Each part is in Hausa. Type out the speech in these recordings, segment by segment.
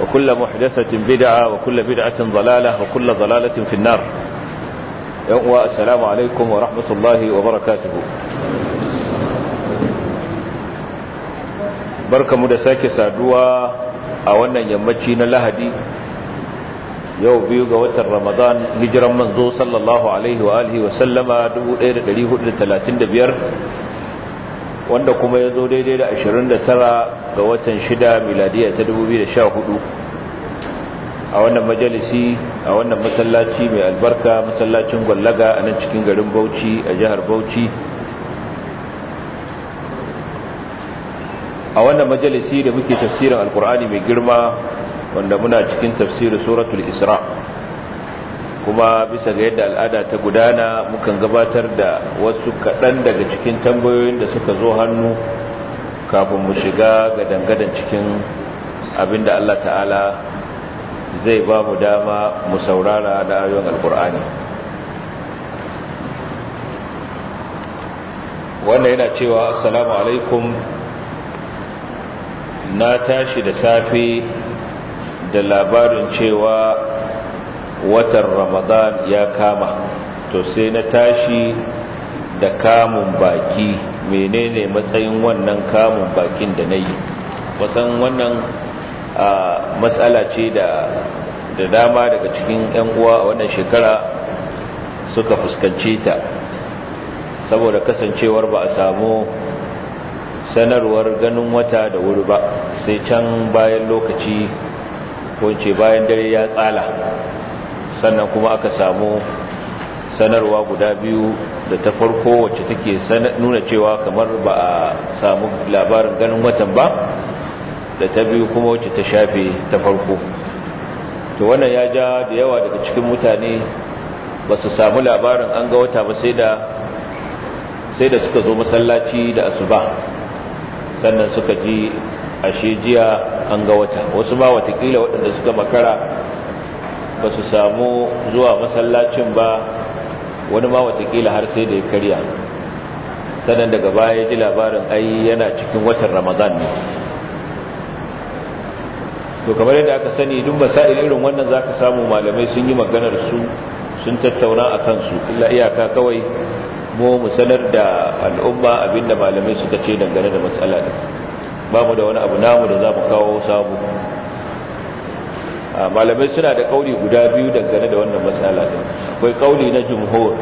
وكل محدثة بدعة وكل بدعة ضلالة وكل ضلالة في النار السلام عليكم ورحمة الله وبركاته barka mu da sake saduwa a wannan yammaci na lahadi yau biyu ga watan ramadan hijiran manzo sallallahu alaihi wa alihi wa sallama 1435 wanda kuma ya zo daidai da 29 ga watan 6 miladiya ta 2014 a wannan majalisi a wannan masallaci mai albarka masallacin gwallaga a nan cikin garin bauchi a jihar bauchi a wannan majalisi da muke tafsirin alkur'ani mai girma wanda muna cikin tafsirin suratul isra' kuma bisa ga yadda al'ada ta gudana mukan gabatar da wasu kaɗan daga cikin tambayoyin da suka zo hannu kafin mu shiga ga dangadan cikin abin da Allah ta'ala zai ba mu dama mu saurara da ayoyin alkur'ani wannan yana cewa assalamu alaikum na tashi da safe da labarin cewa watan ramadan ya kama to sai na tashi da kamun baki menene matsayin wannan kamun bakin da na yi wasan wannan matsala ce da dama daga cikin 'yan uwa a wannan shekara suka fuskance ta saboda kasancewar ba a samu sanarwar ganin wata da wuri ba sai can bayan lokaci ko ce bayan dare ya tsala sannan kuma aka samu sanarwa guda biyu da ta farko wacce take nuna cewa kamar ba a samu labarin ganin watan ba da ta biyu kuma wacce ta shafe ta farko to wannan ya ja da yawa daga cikin mutane ba su samu labarin an ga wata ba sai da sai da suka zo masallaci da asuba sannan suka ji ashe jiya an ga wata wasu ma watakila waɗanda suka makara ba su samu zuwa masallacin ba wani ma watakila har sai da ya karya sannan daga baya ya ji labarin ai yana cikin watan ramadan ne to kamar yadda aka sani duk masail irin wannan za ka samu malamai sun yi maganar su sun tattauna a kansu illa iyaka kawai mu mu sanar da al'umma abinda malamai suka ce dangane da matsala ba da wani abu namu da zamu kawo sabu malamai suna da kauli guda biyu dangane da wannan matsala din akwai kauli na jumhur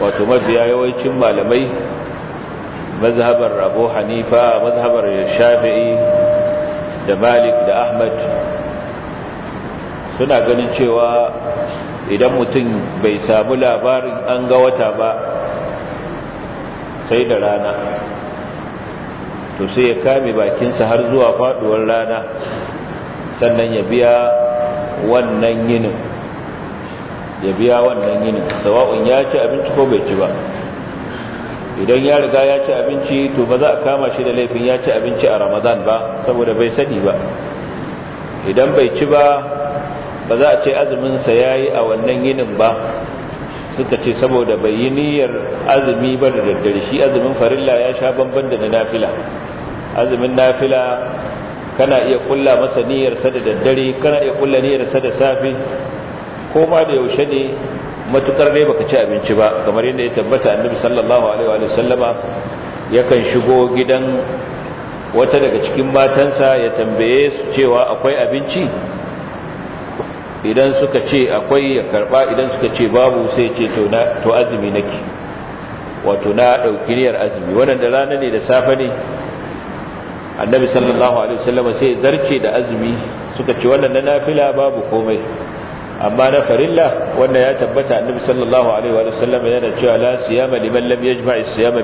wato mafiya yawancin malamai mazhabar Abu Hanifa mazhabar Shafi'i da Malik da Ahmad suna ganin cewa idan mutum bai samu labarin an ga wata ba sai da rana to sai ya kame bakinsa har zuwa faduwar rana sannan ya biya wannan yinin ya biya wannan yinin sawa'un ya ci abinci ko bai ci ba idan ya riga ya ci abinci to ba za a kama shi da laifin ya ci abinci a ramadan ba saboda bai sani ba idan bai ci ba ba za a ce azuminsa ya yi a wannan yinin ba suka ce saboda bai yi niyyar azumi ba da daddare shi azumin farilla ya sha banban da na nafila azumin nafila kana iya kulla masa niyyarsa da daddare kana iya kulla niyyarsa da safe ko ma da yaushe ne matukar ne baka ci abinci ba kamar yadda ya tabbata annabi sallallahu alaihi wa sallama yakan shigo gidan wata daga cikin matansa ya tambaye su cewa akwai abinci idan suka ce akwai ya karba idan suka ce babu sai ce to na to azumi nake wato na dauki niyyar azumi wannan da rana ne da safe ne annabi sallallahu alaihi wasallam sai zarce da azumi suka ce wannan na nafila babu komai amma na farilla wanda ya tabbata annabi sallallahu alaihi wa yana cewa la siyama liman lam yajma as-siyama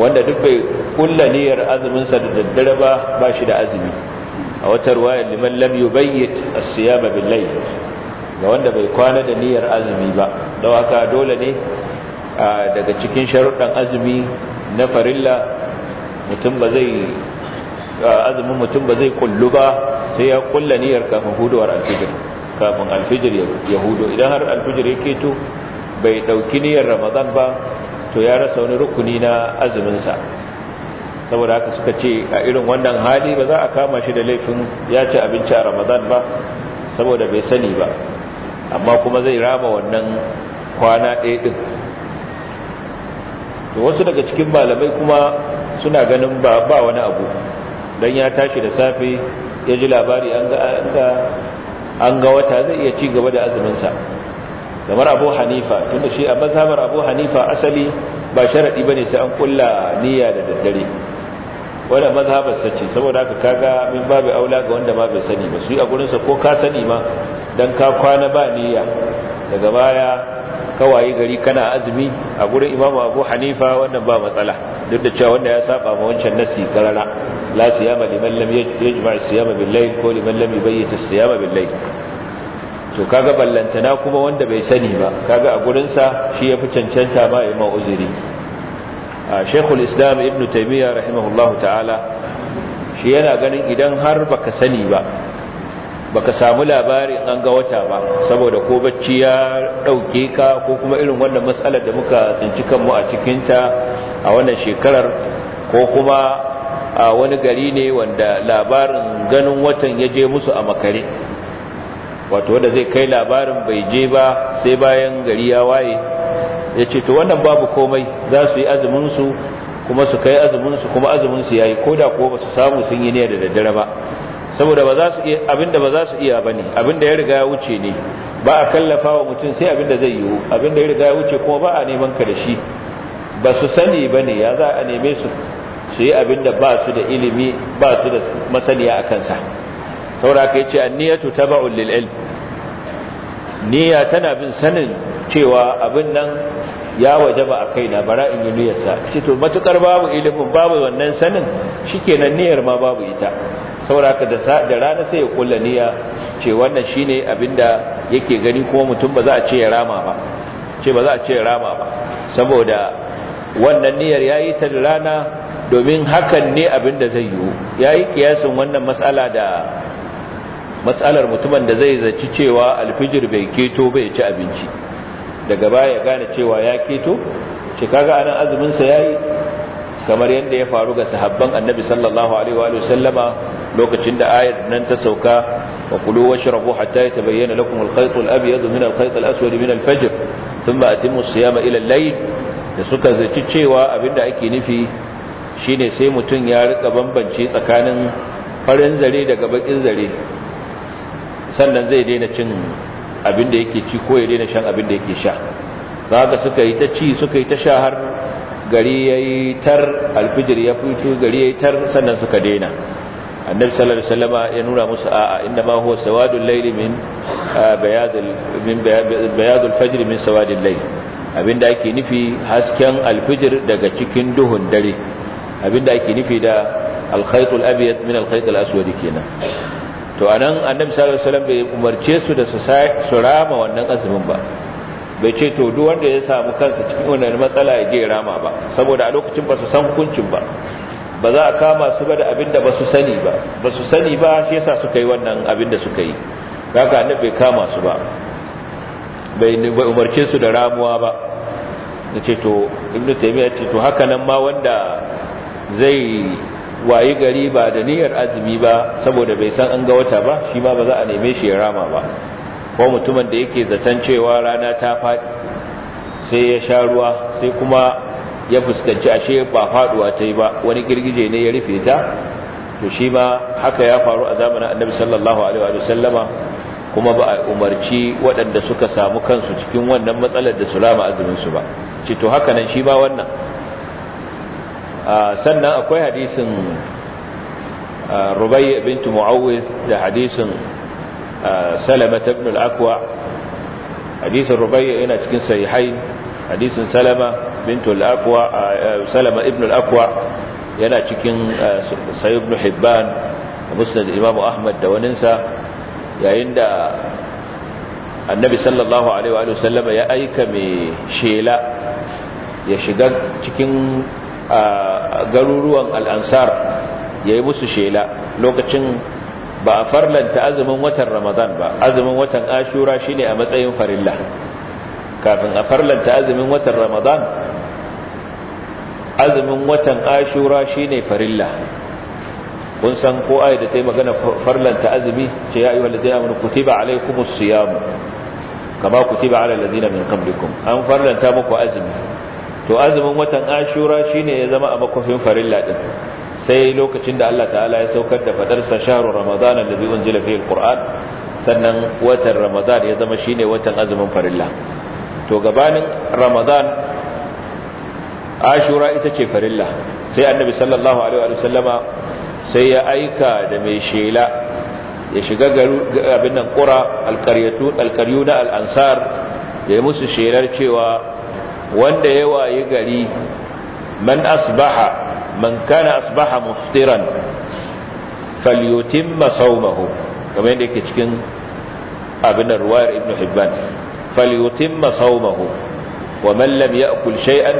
wanda duk bai kulla niyyar azumin sa da daddare ba ba shi da azumi a wata riwaya liman lam yubayyit as-siyama bil-layl ga wanda bai kwana da niyyar azumi ba don haka dole ne daga cikin sharuɗan azumi na farilla mutum ba zai azumin mutum ba zai kullu ba sai ya kulla niyyar kafin huduwar alfijir kafin alfijir ya hudu idan har alfijir ya keto bai dauki niyyar ramadan ba to ya rasa wani rukuni na azuminsa saboda haka suka ce a irin wannan hali ba za a kama shi da laifin ya ci abinci a ramadan ba saboda bai sani ba amma kuma zai rama wannan kwana ɗaya ɗin to wasu daga cikin malamai kuma suna ganin ba ba wani abu dan ya tashi da safe ya ji labari an ga an ga wata zai iya ci gaba da azumin sa kamar Abu Hanifa tunda shi a mazhabar Abu Hanifa asali ba sharadi bane sai an kulla niyya da daddare wannan mazhabar sa ce saboda haka kaga min babu aula ga wanda ba bai sani ba su yi a gurin sa ko ka sani ma dan ka kwana ba niyya daga baya kawaye gari kana azumi a gurin imamu abu hanifa wannan ba matsala duk da cewa wanda ya saba ma wancan nasi karara la siyama liman lam yajma siyama bil layl ko liman lam yubayyit siyama bil layl to kaga ballantana kuma wanda bai sani ba kaga a gurin sa shi yafi cancanta ba ya ma uzuri A shaykhul Islam ibnu taymiya rahimahullahu ta'ala shi yana ganin idan har baka sani ba baka samu labari an ga wata ba saboda ko bacci ya dauke ka ko kuma irin wannan matsalar da muka tsinci kanmu a cikinta a wannan shekarar ko kuma a wani gari ne wanda labarin ganin watan ya je musu a makare wato wanda zai kai labarin bai je ba sai bayan gari ya waye ya ce to wannan babu komai za su yi su kuma su kai su kuma azumin ya yi ko ko ba su samu sun yi ne da daddare ba saboda ba za su iya abinda ba za su iya bane abinda ya riga ya wuce ne ba a kallafa wa mutum sai abinda zai yiwu abinda ya riga ya wuce kuma ba a neman ka da shi ba su sani bane ya za a neme su su yi abinda ba su da ilimi ba su da masaniya a kansa saboda ka yace an-niyatu ta lil ilm niyya tana bin sanin cewa abin nan ya ba a kaina bara in yi niyyarsa shi to matukar babu ilimin babu wannan sanin shikenan niyyar ma babu ita sauraka da rana sai ya kulla niyya ce wannan shine abinda yake gani kuma mutum ba za a ce ya rama ba ce ba za a ce ya rama ba saboda wannan niyyar yayi ta da rana domin hakan ne abinda zai yi yayi kiyasin wannan matsala da matsalar mutumin da zai zaci cewa alfijir bai keto bai ci abinci daga baya ya gane cewa ya keto ce kaga anan azumin sa yayi kamar yadda ya faru ga sahabban annabi sallallahu alaihi wa sallama lokacin da ayar nan ta sauka wa kulu washrabu hatta yatabayyana lakum al-khayt al-abyad min al-khayt al-aswad min al-fajr thumma atimmu as-siyama ila al-layl da suka zaci cewa abinda ake nufi shine sai mutun ya rika bambance tsakanin farin zare daga bakin zare sannan zai daina cin abinda yake ci ko ya daina shan abinda yake sha zaka suka yi ta ci suka yi ta sha har gari yayi tar ya fito gari yayi tar sannan suka daina annabi sallallahu alaihi wasallama ya nuna musu a'a inda ma huwa sawadul layli min ah, bayadul min bayadul fajr min sawadil layl abinda ake nufi hasken alfijir daga cikin duhun dare abinda ake nufi da alkhaytul abyad min alkhaytul aswad kenan to anan annabi sallallahu alaihi wasallam bai umarce su da su rama wannan azumin ba bai ce to duk wanda ya samu kansa cikin wannan matsala ya je rama ba saboda a lokacin ba su san hukuncin ba ba za a kama su ba da abin da ba su sani ba ba sani ba shi yasa suka yi wannan abin da suka yi haka annabi bai kama su ba bai umarce su da ramuwa ba ce to ibnu taymiya ce to haka nan ma wanda zai wayi gari ba da niyyar azumi ba saboda bai san an ga wata ba shi ma ba za a neme shi ya rama ba ko mutumin da yake zaton cewa rana ta faɗi sai ya sha ruwa sai kuma ya fuskanci ashe ba faduwa ta yi ba wani girgije ne ya rufe ta to shi ma haka ya faru a zamanin annabi sallallahu alaihi wa sallama kuma ba a umarci waɗanda suka samu kansu cikin wannan matsalar da su rama azumin su ba ce to haka nan shi ma wannan sannan akwai hadisin rubai bintu mu'awiz da hadisin salama ibn al-aqwa hadisin rubai yana cikin sahihai hadisin salama bintul aqwa salama ibn al yana cikin sayyid ibn hibban musnad imam ahmad da waninsa yayin da annabi sallallahu alaihi wa sallama ya aika mai shela ya shiga cikin garuruwan al'ansar ya yi musu shela lokacin ba a farlanta azumin watan ramadan ba azumin watan ashura shine a matsayin farilla kafin a farlanta azumin watan ramadan azumin watan ashura shine farilla kun san ko ayat da ta yi magana farlanta azumi ce ya ayyuhal ladina amanu kutiba alaykumus siyam kama kutiba ala ladina min qablikum an farlanta muku azumi to azumin watan ashura shine ya zama a makofin farilla din sai lokacin da Allah ta'ala ya saukar da sa shahru ramadan alladhi unzila fihi alquran sannan watan ramadan ya zama shine watan azumin farilla to gabanin ramadan ashura ita ce farilla sai annabi sallallahu alaihi wa sallama sai ya aika da mai shela ya shiga abin nan qura alqaryatu alqaryuna alansar ya musu shelar cewa wanda ya waye gari man asbaha man kana asbaha muftiran falyutimma sawmahu kamar yadda yake cikin abin da ruwayar ibn hibban falyutimma sawmahu wa man lam ya'kul shay'an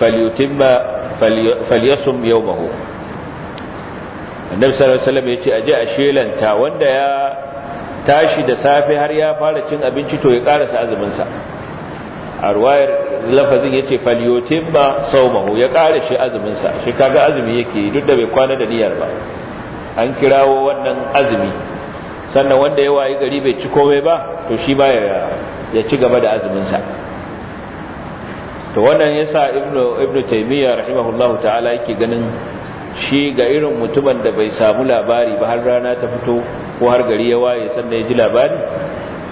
falyutimma falyasum yawmahu annabi sallallahu alaihi wasallam yace aje a shelanta wanda ya tashi da safe har ya fara cin abinci to ya karasa azumin sa a ruwayar lafazin yace sau sawmahu ya kare shi azuminsa. sa shi azumi yake duk da bai kwana da niyyar ba an kirawo wannan azumi sannan wanda ya wayi gari bai ci komai ba to shi baya ya ci gaba da azuminsa. to wannan yasa ibnu ibnu taymiya rahimahullahu ta'ala yake ganin shi ga irin mutumin da bai samu labari ba har rana ta fito ko har gari ya waye sannan ya ji labari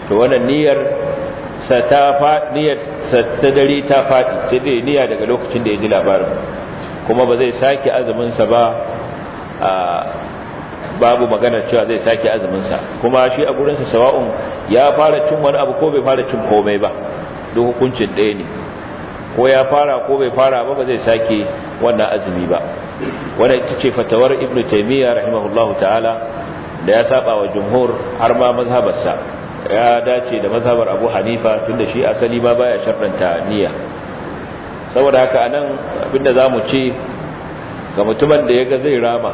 to wannan niyyar sa ta fa niyyar sa ta dare ta fadi sai dai niyya daga lokacin da ya ji labarin kuma ba zai sake azumin sa ba babu magana cewa zai sake azumin sa kuma shi a gurin sa sawa'un ya fara cin wani abu ko bai fara cin komai ba duk hukuncin ɗaya ne ko ya fara ko bai fara ba ba zai sake wannan azumi ba wannan ita ce fatawar ibn taymiya rahimahullahu ta'ala da ya saba wa jumhur har ma mazhabarsa ya dace da mazhabar abu hanifa tunda shi asali ma baya sharɗanta niyya saboda haka anan abinda zamu ce ga mutumin da ya ga zai rama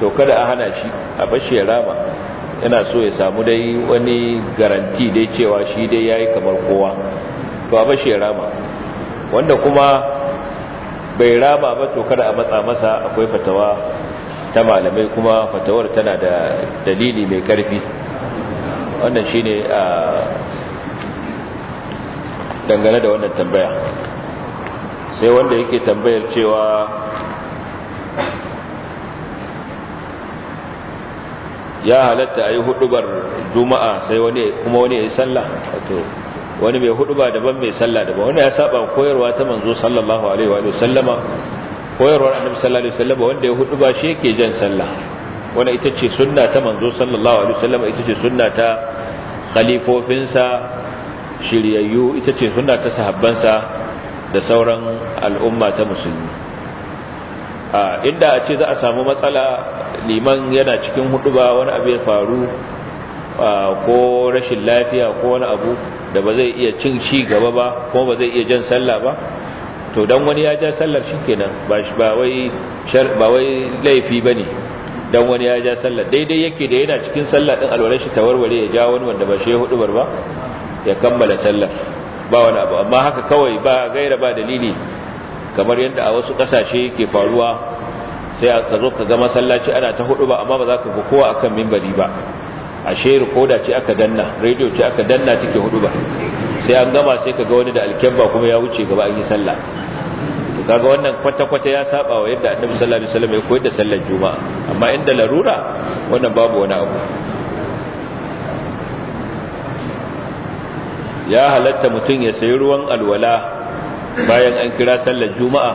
to kada a hana shi a shi ya rama yana so ya samu dai wani garanti dai cewa shi dai yayi kamar kowa to a bashi rama wanda kuma bai rama ba to kada a matsa masa akwai fatawa ta malamai kuma fatawar tana da dalili mai karfi wannan shine a dangane da wannan tambaya sai wanda yake tambayar cewa ya halatta ayi yi hudubar juma'a sai kuma wani ya yi sallah to. wani mai hudu ba daban mai sallah daban wani ya saba koyarwa ta manzo sallallahu alaihi wa sallama koyarwar annabi sallallahu alaihi wa sallama wanda ya hudu ba shi yake jan sallah wani ita ce sunna ta manzo sallallahu alaihi wa sallama ita ce sunna ta khalifofinsa shiryayyu ita ce sunna ta sahabbansa da sauran al'umma ta musulmi inda a ce za a samu matsala liman yana cikin hudu ba wani abu ya faru ko rashin lafiya ko wani abu da ba zai iya cin ci gaba ba kuma ba zai iya jan sallah ba to dan wani ya ja sallar shikenan ba ba wai ba wai laifi bane dan wani ya ja sallar daidai yake da yana cikin sallah din alwalar shi tawarware ya ja wani wanda ba shi ya hudu barba ya kammala sallar ba wani abu amma haka kawai ba gaira ba dalili kamar yadda a wasu kasashe ke faruwa sai ka zo ka ga masallaci ana ta hudu ba amma ba za ka ga kowa akan mimbari ba ashe rikoda ce aka danna rediyo ce aka danna take hudu ba sai an gama sai ka ga wani da alkyamba kuma ya wuce gaba an yi sallah to kaga wannan kwata-kwata ya saba wa yadda annabi sallallahu alaihi wasallam ya koyar da sallar juma'a amma inda larura wannan babu wani abu ya halatta mutum ya sayi ruwan alwala bayan an kira sallar juma'a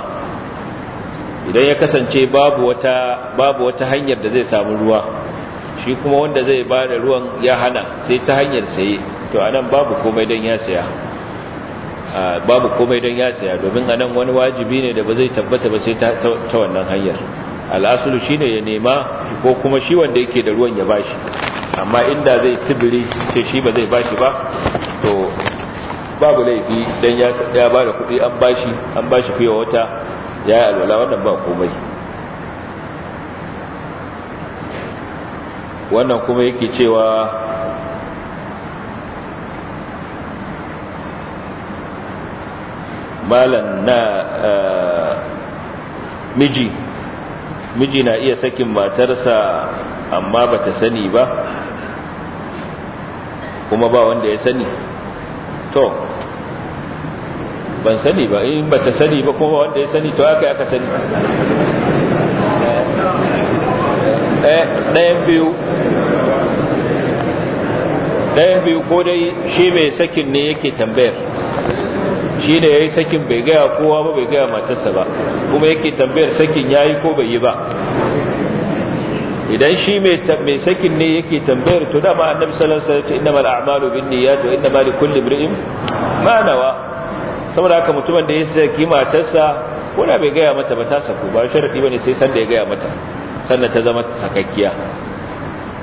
idan ya kasance babu wata babu wata hanyar da zai samu ruwa shi kuma wanda zai ba da ruwan ya hana sai ta hanyar saye to anan babu komai don ya saya babu komai don ya saya domin anan wani wajibi ne da ba zai tabbata ba sai ta wannan hanyar al'asulu shi ne ya nema ko kuma shi wanda yake da ruwan ya bashi amma inda zai tibiri ce shi ba zai bashi ba to babu laifi don ya ba da kuɗi an an bashi fiye wata ya yi alwala wannan ba komai wannan kuma yake cewa malan na eh, miji miji na iya sakin matarsa amma bata sani ba kuma ba wanda ya sani to ban sani ba in bata sani ba kuma wanda ya sani to haka yaka sani eh, ɗayan biyu ɗayan biyu ko dai shi mai sakin ne yake tambayar shi ne ya yi sakin bai gaya kowa ba bai gaya matarsa ba kuma yake tambayar sakin ya yi ko bai yi ba idan shi mai sakin ne yake tambayar to dama annabi sallallahu alaihi wasallam innamal a'malu binniyat wa innamal likulli imrin ma nawa saboda haka mutumin da ya saki matarsa ko da bai gaya mata ba ta saku ba sharadi bane sai san da ya gaya mata sannan ta zama sakakkiya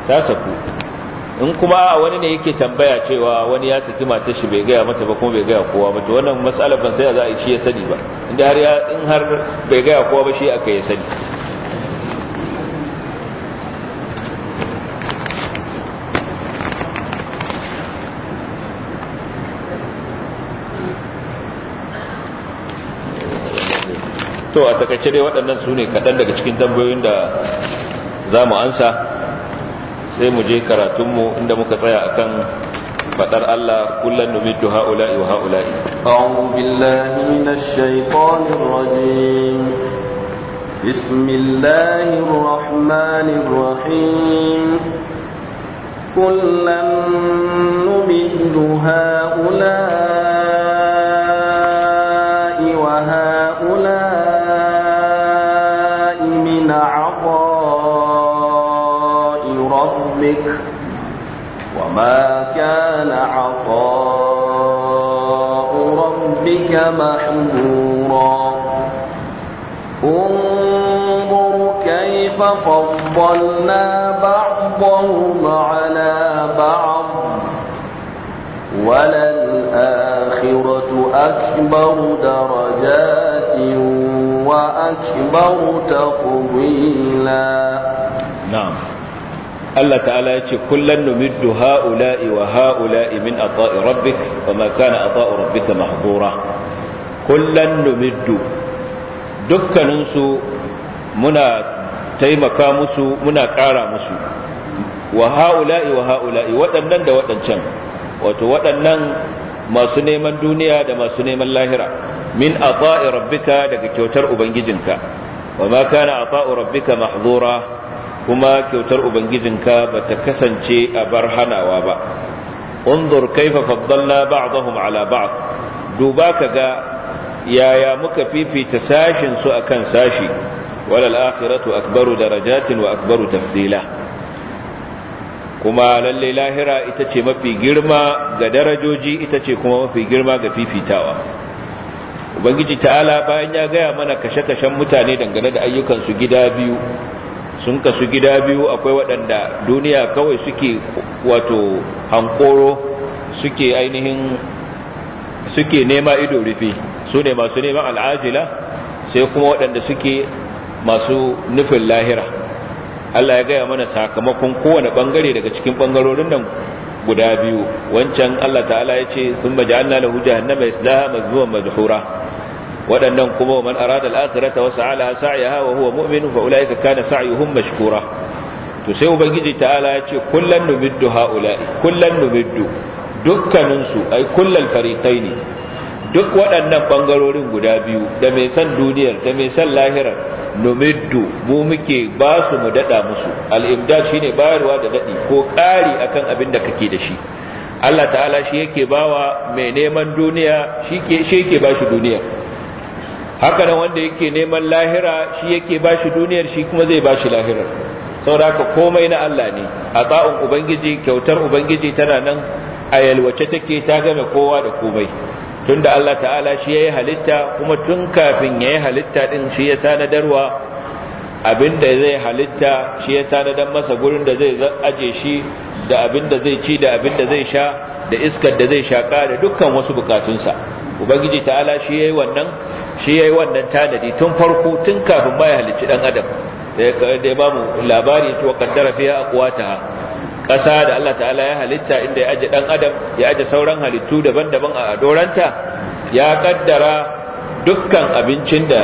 ta saku in kuma wani ne yake tambaya cewa wani ya saki matar shi bai gaya mata ba kuma bai gaya kowa ba to wannan matsalar ban sai za a shi ya sani ba inda har ya in har bai gaya kowa ba shi aka ya sani to a takaice dai waɗannan su ne kaɗan daga cikin tambayoyin da za mu ansa sai mu je karatunmu inda muka tsaya akan fadar Allah kullun numiddu haula'i wa haula'i a'udhu billahi minash shaitanir rajim bismillahir rahmanir rahim kullun numiddu haula'i وما كان عطاء ربك محظورا انظر كيف فضلنا بعضهم على بعض وللآخرة أكبر درجات وأكبر تَقْوِيلًا نعم Allah ta'ala ya ce kullun numiddu ha'ula'i wa ha'ula'i min ata'i rabbik wa ma kana ata'u rabbika mahdura Kullum numiddu dukkanin su muna taimaka musu muna ƙara musu wa ha'ula'i wa ha'ula'i waɗannan da waɗancan wato waɗannan masu neman duniya da masu neman lahira min ata'i rabbika daga kyautar ubangijinka wa ma kana ata'u rabbika mahdura kuma kyautar ubangijinka ba ta kasance a bar hanawa ba unzur kaifa faddalna ba'dahum ala ba'd duba kaga yaya muka fifita sashin su akan sashi walal akhiratu akbaru darajatin wa akbaru tafdila kuma lalle lahira ita ce mafi girma ga darajoji ita ce kuma mafi girma ga fifitawa ubangiji ta'ala bayan ya gaya mana kashe-kashen mutane dangane da ayyukansu gida biyu sun kasu gida biyu akwai waɗanda duniya kawai suke wato hankoro suke ainihin suke nema ido rufe su ne masu neman al'ajila sai kuma waɗanda suke masu nufin lahira Allah ya gaya mana sakamakon kowane ɓangare daga cikin ɓangarorin nan guda biyu wancan Allah ta'ala ya ce sun maji Allah na hujja hannama ya waɗannan kuma man arada al-akhirata wa sa'ala sa'yaha wa huwa mu'min fa ulaika kana sa'yuhum mashkura to sai ubangiji ta'ala ya ce kullan nubiddu ha'ula'i kullan nubiddu dukkaninsu ai kullal fariqaini duk waɗannan ɓangarorin guda biyu da mai san duniyar da mai san lahirar numiddu mu muke ba su mu daɗa musu al'imdad shi ne bayarwa da daɗi ko ƙari akan abin da kake da shi Allah ta'ala shi yake bawa mai neman duniya shi yake ba shi duniya haka nan wanda yake neman lahira shi yake ba shi duniyar shi kuma zai ba shi lahirar saboda haka komai na Allah ne a tsa'un ubangiji kyautar ubangiji tana nan a yalwace take ta game kowa da komai tunda Allah ta'ala shi yayi halitta kuma tun kafin yayi halitta din shi ya tanadarwa da zai halitta shi ya tanadar masa gurin da zai aje shi da abin da zai ci da abin da zai sha da iskar da zai shaka da dukkan wasu bukatunsa ubangiji ta'ala shi yayi wannan shi yayi wannan tanadi tun farko tun kafin ma ya halicci dan adam da ya ba mu labari to a fiha aqwataha ƙasa da Allah ta'ala ya halitta inda ya aje dan adam ya aje sauran halittu daban-daban a doranta ya ƙaddara dukkan abincin da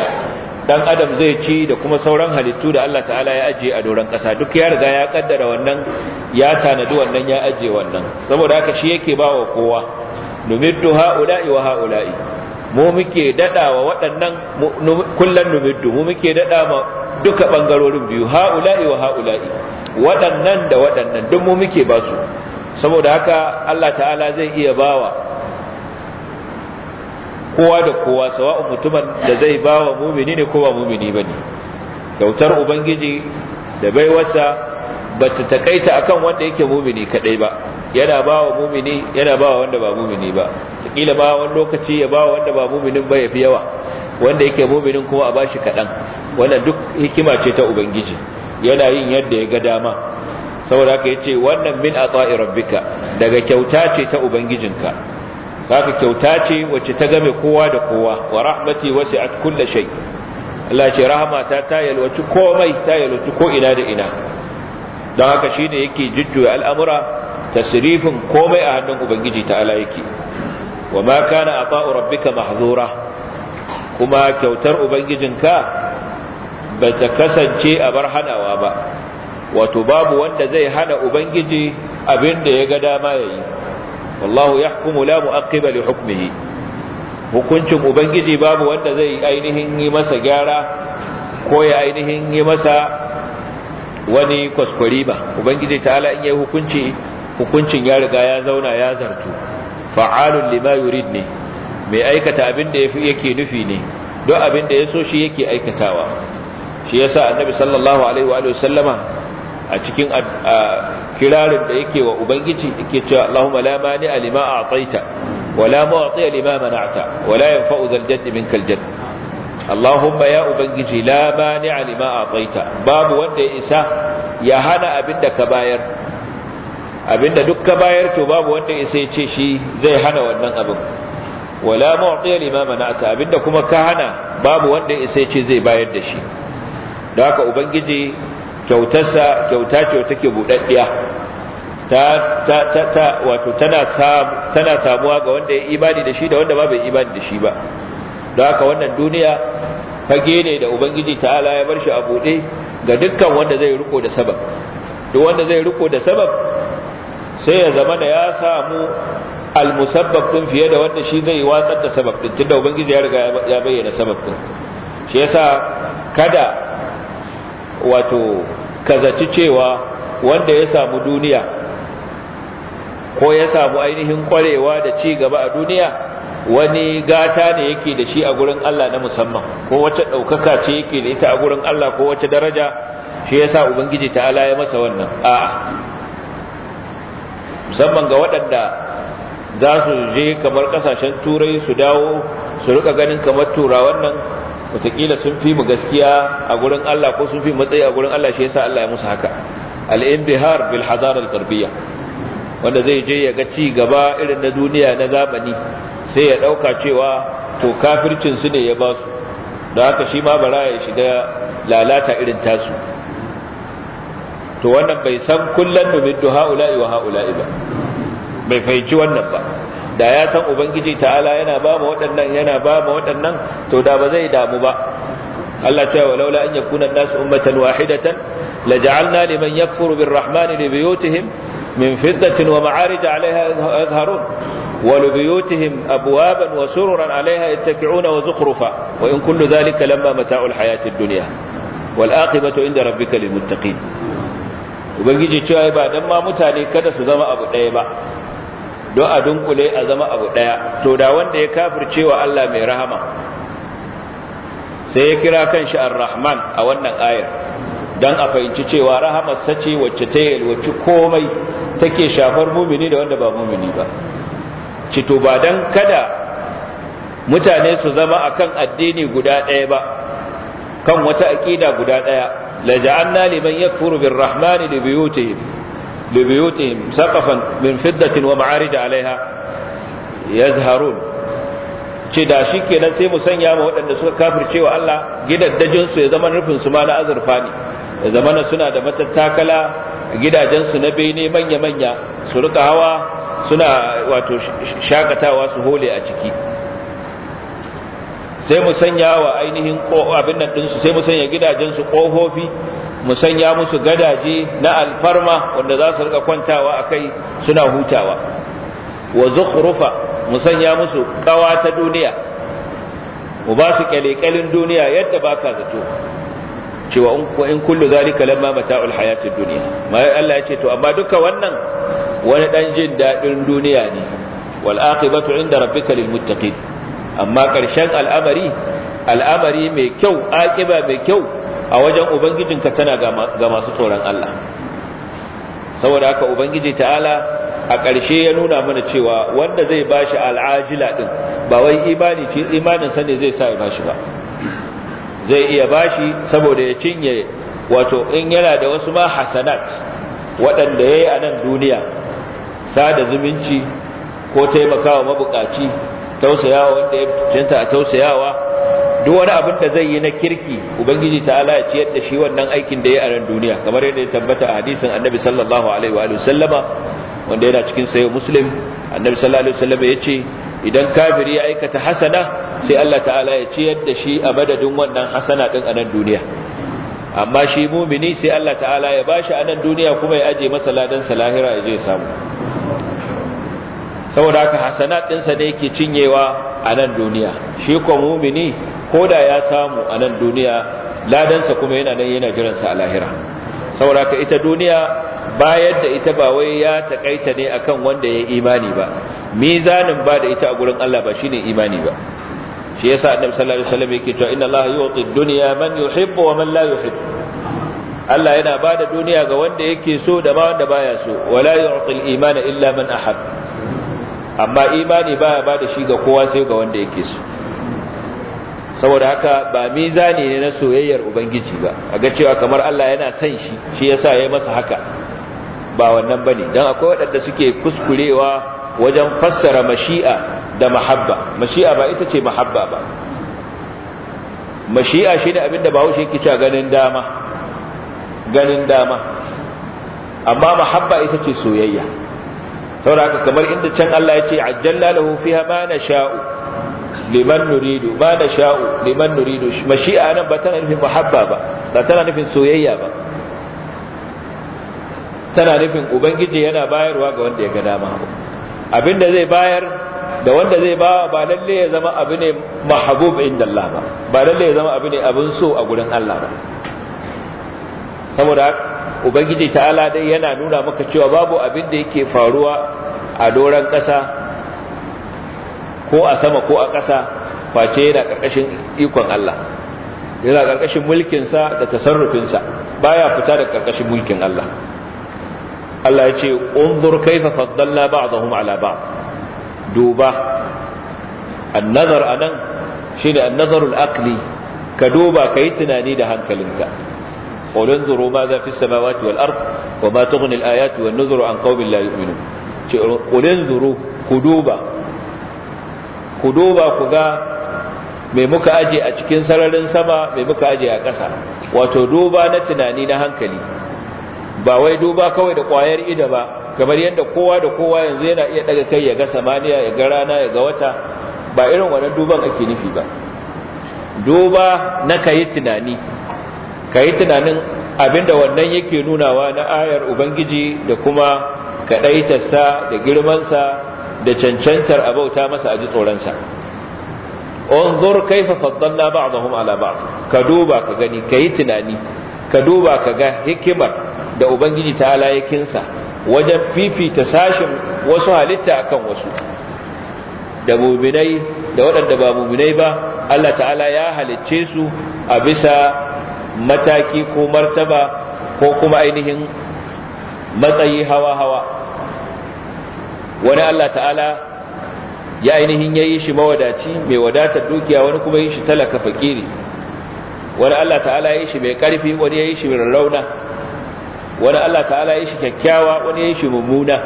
dan adam zai ci da kuma sauran halittu da Allah ta'ala ya ajiye a doron ƙasa duk ya riga ya kaddara wannan ya tanadi wannan ya ajiye wannan saboda haka shi yake bawa kowa numiddu ha'ula'i wa ha'ula'i mu muke dadawa waɗannan kullun numiddu mu muke dada ma duka bangarorin biyu ha'ula'i wa ha'ula'i waɗannan da waɗannan duk mu muke ba su saboda haka Allah ta'ala zai iya bawa kowa da kowa sawa'u mutumin da zai ba wa mumini ne ko ba mumini ba ne kyautar ubangiji da baiwarsa ba ta takaita akan wanda yake mumini kadai ba yana ba wa mumini yana ba wa wanda ba mumini ba kila ba wani lokaci ya ba wa wanda ba muminin ba ya fi yawa wanda yake muminin kuma a bashi kaɗan wannan duk hikima ce ta ubangiji yana yin yadda ya ga dama saboda haka yace wannan min ata'i rabbika daga kyauta ce ta ubangijinka haka kyauta ce wacce ta game kowa da kowa wa rahmati wasi'at kulli shay Allah ce rahmata ta yalwaci komai ta yalwaci ko ina da ina don haka shine yake jujjuya al'amura tasrifin komai a hannun ubangiji ala yake wa ma kana ata'u rabbika mahzura kuma kyautar ubangijinka ba ta kasance a bar hanawa ba wato babu wanda zai hana ubangiji abin da ya ga dama yayi wallahu yahkumu la mu'aqqiba li hukmihi hukuncin ubangiji babu wanda zai ainihin yi masa gyara ko ya ainihin yi masa wani kwaskwari ba ubangiji ta'ala in yi hukunci hukuncin ya riga ya zauna ya zartu fa'alun lima yurid ne mai aikata abin da yake nufi ne don abin da ya so shi yake aikatawa shi yasa annabi sallallahu alaihi wa sallama a cikin kirarin da yake wa ubangiji yake cewa Allahumma la mani alima a'taita wa la mu'ti alima mana'ta wa la yanfa'u zal jaddi minkal jadd Allahumma ya ubangiji la mani alima a'taita babu wanda ya isa ya hana abinda ka bayar abinda duk ka bayar to babu wanda ya isa ya ce shi zai hana wannan abin wa la mu'ti alima mana'ta abinda kuma ka hana babu wanda ya isa ya ce zai bayar da shi da haka ubangiji kyautarsa kyauta ce take buɗaɗɗiya ta wato tana samuwa ga wanda ya imani da shi da wanda ba bai imani da shi ba don haka wannan duniya fage ne da ubangiji ta'ala ya bar shi a buɗe ga dukkan wanda zai riko da sabab duk wanda zai riko da sabab sai ya zama da ya samu almusabbab din fiye da wanda shi zai watsar da sabab din tunda ubangiji ya riga ya bayyana sabab din shi yasa kada wato kazaci cewa wanda ya samu duniya ko ya samu ainihin kwarewa da ci gaba a duniya wani gata ne yake da shi a gurin Allah na musamman ko wata ɗaukaka ce yake da ita a gurin Allah ko wata daraja shi yasa ubangiji ta'ala ya masa wannan a'a musamman ga waɗanda za su je kamar ƙasashen turai su dawo su rika ganin kamar turawan nan wataƙila sun fi mu gaskiya a gurin Allah ko sun fi matsayi a gurin Allah shi yasa Allah ya musu haka al-imbihar bil al-garbiyya wanda zai je ya ga ci gaba irin na duniya na zamani sai ya dauka cewa to kafircin su ne ya ba su don haka shi ma bara ya shiga lalata irin tasu to wannan bai san kullun numiddu haula'i wa haula'i ba bai fahimci wannan ba da ya san ubangiji ta'ala yana ba waɗannan yana ba waɗannan to da ba zai damu ba Allah ta wa laula an yakuna an-nas ummatan wahidatan laja'alna liman yakfuru birrahman li buyutihim min fiddatin wa ma'arij 'alayha azharun wa li buyutihim abwaban wa sururan 'alayha yattaki'una wa zukhrufa wa in kullu dhalika lamma mata'ul hayati ad-dunya wal aqibatu inda rabbika lil muttaqin ubangiji cewa ba dan ma mutane kada su zama abu ɗaya ba don a dunkule a zama abu daya to da wanda ya kafirce wa Allah mai rahama sai ya kira kan shi ar-rahman a wannan ayar don a fahimci cewa rahamar sace wacce ta yalwaci komai take shafar mumini da wanda ba mumini ba cito ba don kada mutane su zama a kan addini guda ɗaya ba kan wata aƙida guda ɗaya la ja'anna liman yakfuru da rahmani ta yi. لبيوتهم سقفا من فضة ومعارج عليها يزهرون ce da shi kenan sai mu sanya ma waɗanda suka kafirce wa Allah gidaddajin su ya zama rufin su ma na azurfa ne ya zama suna da matattakala gidajensu na bene manya manya su rika hawa suna wato shakatawa su hole a ciki sai mu sanya wa ainihin abin nan ɗinsu sai mu sanya gidajensu ƙofofi mu sanya musu gadaje na alfarma wanda za su rika kwantawa a kai suna hutawa wa zukhrufa mu sanya musu ƙawa ta duniya mu ba su kyalekyalin duniya yadda ba ka zato cewa in kullu zalika lamma mata'ul hayatid duniya. ma Allah ya ce to amma duka wannan wani dan jin dadin duniya ne wal aqibatu inda rabbika lil muttaqin amma ƙarshen al'amari al'amari mai kyau aƙiba mai kyau a wajen ubangijinka tana ga masu tsoron Allah saboda haka ubangiji ta'ala a ƙarshe ya nuna mana cewa wanda zai bashi al'ajila ɗin ba wai imani ce imanin sa ne zai sa ya bashi ba zai iya bashi saboda ya cinye wato in yana da wasu ma hasanat waɗanda ya yi a nan duniya sada zumunci ko taimakawa mabukaci tausayawa wanda ya cancanta a tausayawa duk wani abin da zai yi na kirki ubangiji ta'ala ya ciyar da shi wannan aikin da ya a ran duniya kamar yadda ya tabbata a hadisin annabi sallallahu alaihi wa sallama wanda yana cikin sayo muslim annabi sallallahu alaihi wa sallama ya ce idan kafiri ya aikata hasana sai Allah ta'ala ya ciyar da shi a madadin wannan hasana din a nan duniya amma shi mumini sai Allah ta'ala ya bashi a nan duniya kuma ya aje masa ladan salahira ya je samu saboda haka hasanat ɗinsa ne yake cinyewa a nan duniya shi ko mumini ko da ya samu a nan duniya ladansa kuma yana nan yana jiransa a lahira saboda haka ita duniya bayar da ita ba wai ya takaita ne akan wanda ya imani ba mizanin ba da ita a gurin Allah ba shine imani ba shi yasa annabi sallallahu alaihi wasallam yake cewa inna allaha yu'ti ad-dunya man yuhibbu wa man la yuhibbu Allah yana bada duniya ga wanda yake so da ba wanda baya so wala yu'ti al-imana illa man ahabba amma imani ba ba da shi ga kowa sai ga wanda yake so saboda haka ba mizani ne na soyayyar ubangiji ba a ga cewa kamar Allah yana san shi shi yasa ya masa haka ba wannan bane dan akwai waɗanda suke kuskurewa wajen fassara mashi'a da mahabba mashi'a ba ita ce mahabba ba mashi'a shi ne abinda bahaushe yake cewa ganin dama ganin dama amma mahabba ita ce soyayya saboda haka kamar inda can Allah ya ce ajjalla lahu fiha ma nasha'u liman nuridu ma nasha'u liman nuridu mashi'a nan ba tana nufin muhabba ba ba tana nufin soyayya ba tana nufin ubangiji yana bayarwa ga wanda ya ga dama abinda zai bayar da wanda zai ba ba lalle ya zama abu ne mahbub inda Allah ba ba lalle ya zama abu ne abin so a gurin Allah ba saboda ubangiji ta'ala dai yana nuna maka cewa babu abin da yake faruwa a doron ƙasa ko a sama ko a ƙasa face yana ƙarƙashin ikon Allah yana ƙarƙashin mulkinsa da tasarrufinsa baya fita da ƙarƙashin mulkin Allah Allah ya ce unzur kaifa faddalna ba'dahum ala ba'd duba an-nazar anan shine an-nazarul aqli ka duba kai tunani da hankalinka قل انظروا ma في السماوات والأرض وما تغني الآيات ma عن قوم لا يؤمنون قل an qaumin la yu'minun mai ku duba ku duba ku ga me muka aje a cikin sararin sama me muka aje a ƙasa wato duba na tunani na hankali ba wai duba kawai da ƙwayar ido ba kamar yadda kowa da kowa yanzu yana iya daga kai ya ga samaniya ya ga rana ya ga wata ba irin wannan duban ake nufi ba duba na kayi tunani ka yi tunanin abinda wannan yake nunawa na ayar ubangiji da kuma kaɗaitarsa da girmansa da cancantar abauta masa a ji tsoronsa unzur kaifa faddalna ba'dahum ala ba ka duba ka gani ka yi tunani ka duba ka ga hikimar da ubangiji ta alayakinsa wajen fifita sashin wasu halitta akan wasu da bubinai da waɗanda ba bubinai ba Allah ta'ala ya halicce su a bisa mataki ko martaba ko kuma ainihin matsayi hawa-hawa wani Allah ta'ala ya ainihin ya yi shi mawadaci mai wadatar dukiya wani kuma yi shi talaka fakiri wani Allah ta'ala ya yi shi mai karfi wani ya yi shi rarrauna. wani Allah ta'ala ya yi shi kyakkyawa wani ya yi shi mummuna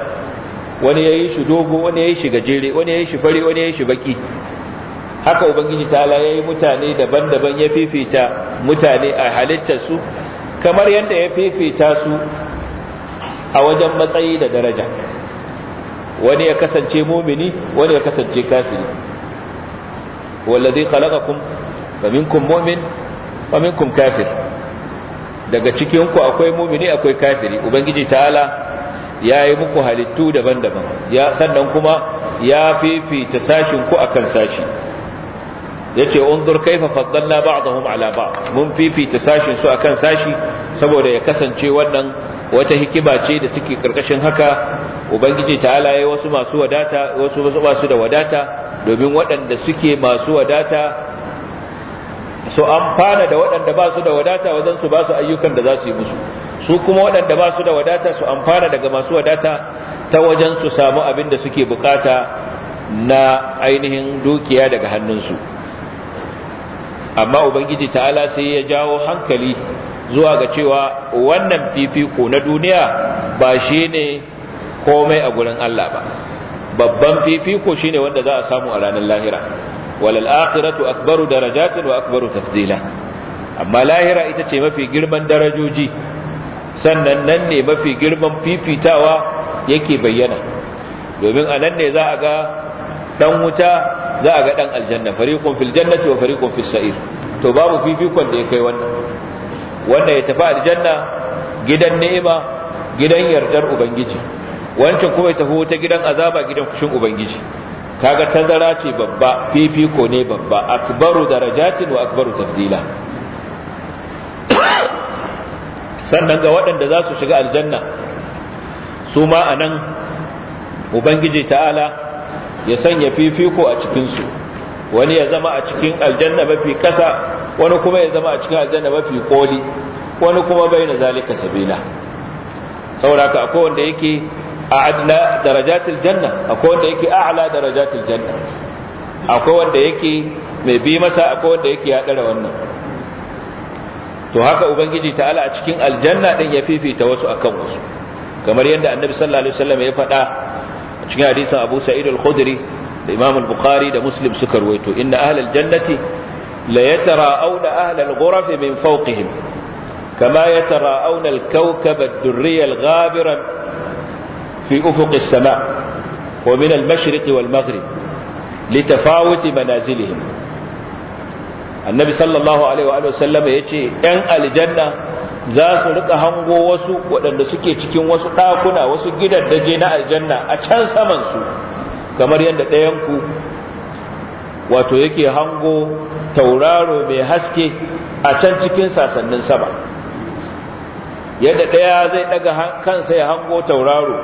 wani ya yi shi dogo wani ya yi shi gajere wani ya yi shi fari wani ya yi shi baki haka ubangiji ta ya yi mutane daban-daban ya fifita mutane a halittarsu kamar yadda ya fifita su a wajen matsayi da daraja wani ya kasance mumini wani ya kasance kafiri wallazi khalaqakum minkum mu'min wa minkum kafir daga cikin ku akwai mumini akwai kafiri ubangiji ta'ala ya yi muku halittu daban-daban ya sannan kuma ya fifita sashin ku akan sashi yace unzur kaifa faddalna ba'dahum ala ba'd mun fifita sashin su akan sashi saboda ya kasance wannan wata hikima ce da take karkashin haka ubangiji ta'ala yayi wasu masu wadata wasu masu da wadata domin waɗanda suke masu wadata su amfana da waɗanda ba su da wadata wajen su ba su ayyukan da za su yi musu su kuma waɗanda ba su da wadata su amfana daga masu wadata ta wajen su samu abin da suke bukata na ainihin dukiya daga hannunsu amma ubangiji ta'ala sai ya jawo hankali zuwa ga cewa wannan fifiko na duniya ba shi ne komai a gurin Allah ba babban fifiko shi ne wanda za a samu a ranar lahira walal akhiratu akbaru darajatin wa akbaru tafdila amma lahira ita ce mafi girman darajoji sannan nan ne mafi girman fifitawa yake bayyana domin a nan ne za a ga dan wuta za a ga dan aljanna fariqun fil jannati wa fariqun fis sa'ir to babu fifikon da ya kai wannan wanda ya tafi aljanna gidan ni'ima gidan yardar ubangiji wancan kuma ya tafi wuta gidan azaba gidan kushin ubangiji kaga tazara ce babba fifiko ne babba akbaru darajatin wa akbaru tafdila sannan ga waɗanda za su shiga aljanna su ma a nan ubangiji ta'ala ya sanya fifiko a cikinsu wani ya zama a cikin aljanna mafi kasa wani kuma ya zama a cikin aljanna mafi koli wani kuma bai na zalika sabila sauraka akwai wanda yake a a'adna darajatul janna akwai wanda yake a'la darajatul janna akwai wanda yake mai bi masa akwai wanda yake ya dara wannan to haka ubangiji ta'ala a cikin aljanna din ya fifita wasu akan wasu kamar yadda annabi sallallahu alaihi wasallam ya faɗa cikin hadisin Abu Sa'id al-Khudri da Imam al-Bukhari da Muslim suka ruwaito inna ahlal jannati la yatara'awna ahlal ghuraf min fawqihim kama yatara'awna al-kawkaba ad-durriya al-ghabira fi ufuq as-sama' wa min al-mashriq wal-maghrib li tafawut manazilihim annabi sallallahu alaihi wa sallam yace yan aljanna za su rika hango wasu waɗanda suke cikin wasu ɗakuna wasu gidaddaje na aljanna a can saman su kamar yadda ɗayanku wato yake hango tauraro mai haske a can cikin sasannin sama yadda ɗaya zai ɗaga kansa ya hango tauraro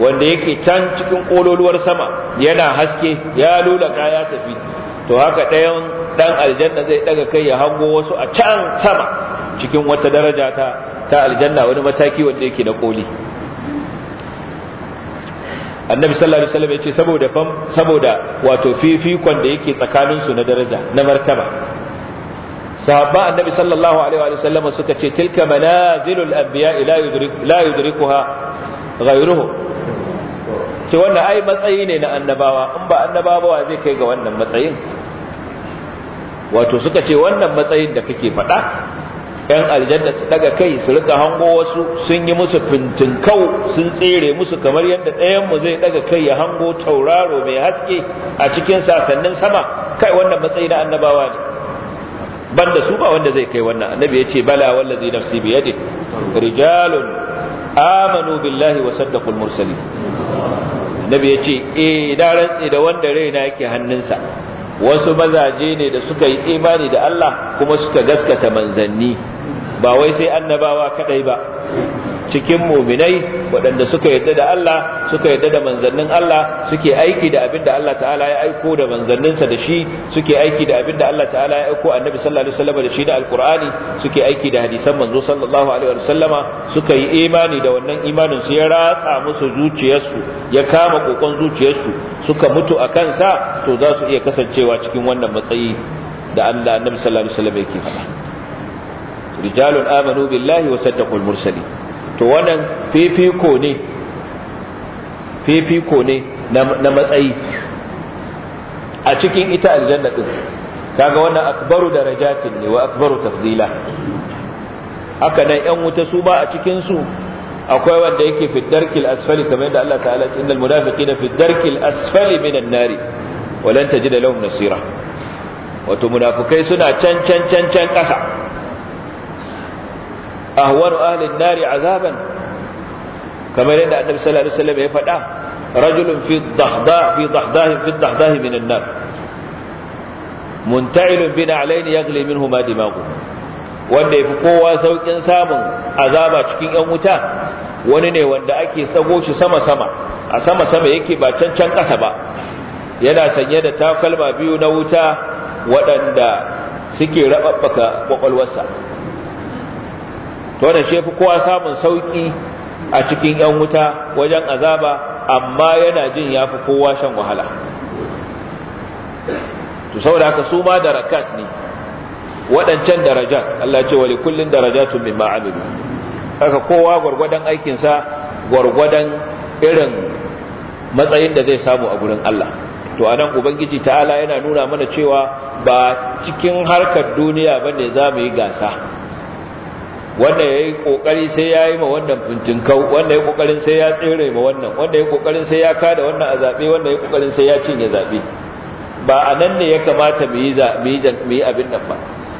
wanda yake can cikin ƙololuwar sama yana haske ya lula kaya tafi to haka ɗayan ɗan aljanna zai ɗaga kai ya hango wasu a can sama cikin wata daraja ta ta aljanna wani mataki wanda yake na koli annabi sallallahu alaihi wasallam yace saboda fam saboda wato fifikon da yake tsakanin su na daraja na martaba sahabba annabi sallallahu alaihi wasallam suka ce tilka manazilul anbiya la yudrik la yudrikuha ghayruhum ce wannan ai matsayi ne na annabawa in ba annabawa ba zai kai ga wannan matsayin wato suka ce wannan matsayin da kake faɗa yan aljanna su daga kai su rika hango wasu sun yi musu fintinkau sun tsere musu kamar yadda ɗayan mu zai daga kai ya hango tauraro mai haske a cikin sasannin sama kai wannan matsayi na annabawa ne banda su ba wanda zai kai wannan annabi ya ce bala zai nafsi biya ne. rijalun amanu billahi wa saddaqul mursalin annabi ya ce eh da rantsi da wanda raina yake hannunsa wasu mazaje ne da suka yi imani da Allah kuma suka gaskata manzanni ba wai sai annabawa kadai ba cikin muminai waɗanda suka yarda da Allah suka yarda da manzannin Allah suke aiki da abin da Allah ta'ala ya aiko da manzanninsa da shi suke aiki da abin da Allah ta'ala ya aiko annabi sallallahu alaihi wasallam da shi da alqur'ani suke aiki da hadisan manzo sallallahu alaihi wasallama suka yi imani da wannan imanin su ya ratsa musu zuciyarsu ya kama kokon zuciyarsu suka mutu a kansa to za su iya kasancewa cikin wannan matsayi da Allah annabi sallallahu alaihi wasallam yake faɗa rijalun amanu billahi wa saddaqul mursalin to wannan fifiko ne fifiko ne na matsayi a cikin ita aljanna din kaga wannan akbaru darajatin ne wa akbaru tafdila haka nan yan wuta su ba a cikin su akwai wanda yake fi darkil asfali kamar yadda Allah ta'ala ce innal munafiqina fi darkil asfali minan nari walan tajida lahum nasira wato munafukai suna can can can can kasa ahwanu ahlin nari azaban kamar yadda annabi sallallahu alaihi wasallam ya faɗa rajulun fi dahdah fi dahdah fi dahdah min an-nar munta'ilun bin alayn yaghli minhu ma dimaghu wanda yafi kowa saukin samun azaba cikin yan wuta wani ne wanda ake tsago shi sama sama a sama sama yake ba can can kasa ba yana sanye da takalma biyu na wuta waɗanda suke rababbaka kwakwalwarsa to wannan shi fi kowa samun sauki a cikin yan wuta wajen azaba amma yana jin ya fi kowa shan wahala to saboda haka su ma rakat ne waɗancan daraja Allah ce wali kullun darajatun mimma amilu haka kowa gwargwadon aikinsa gwargwadon irin matsayin da zai samu a gurin Allah to anan ubangiji ta'ala yana nuna mana cewa ba cikin harkar duniya bane za mu yi gasa wanda ya yi ƙoƙari sai ya yi ma wannan fintinkau wanda ya ƙoƙarin sai ya tsere ma wannan wanda ya ƙoƙarin sai ya kada wannan a zaɓe wanda ya ƙoƙarin sai ya cinye zaɓe ba a nan ne ya kamata mu yi abin nan ba